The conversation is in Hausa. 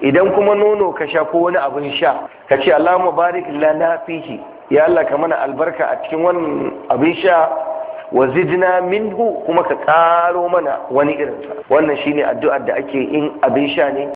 idan kuma nono ka sha ko wani abin sha ka ce mu barik lana fihi ya Allah ka mana albarka a cikin wannan abin sha wa zidna minhu kuma ka karo mana wani irinsa wannan shine addu'ar da ake in abin sha ne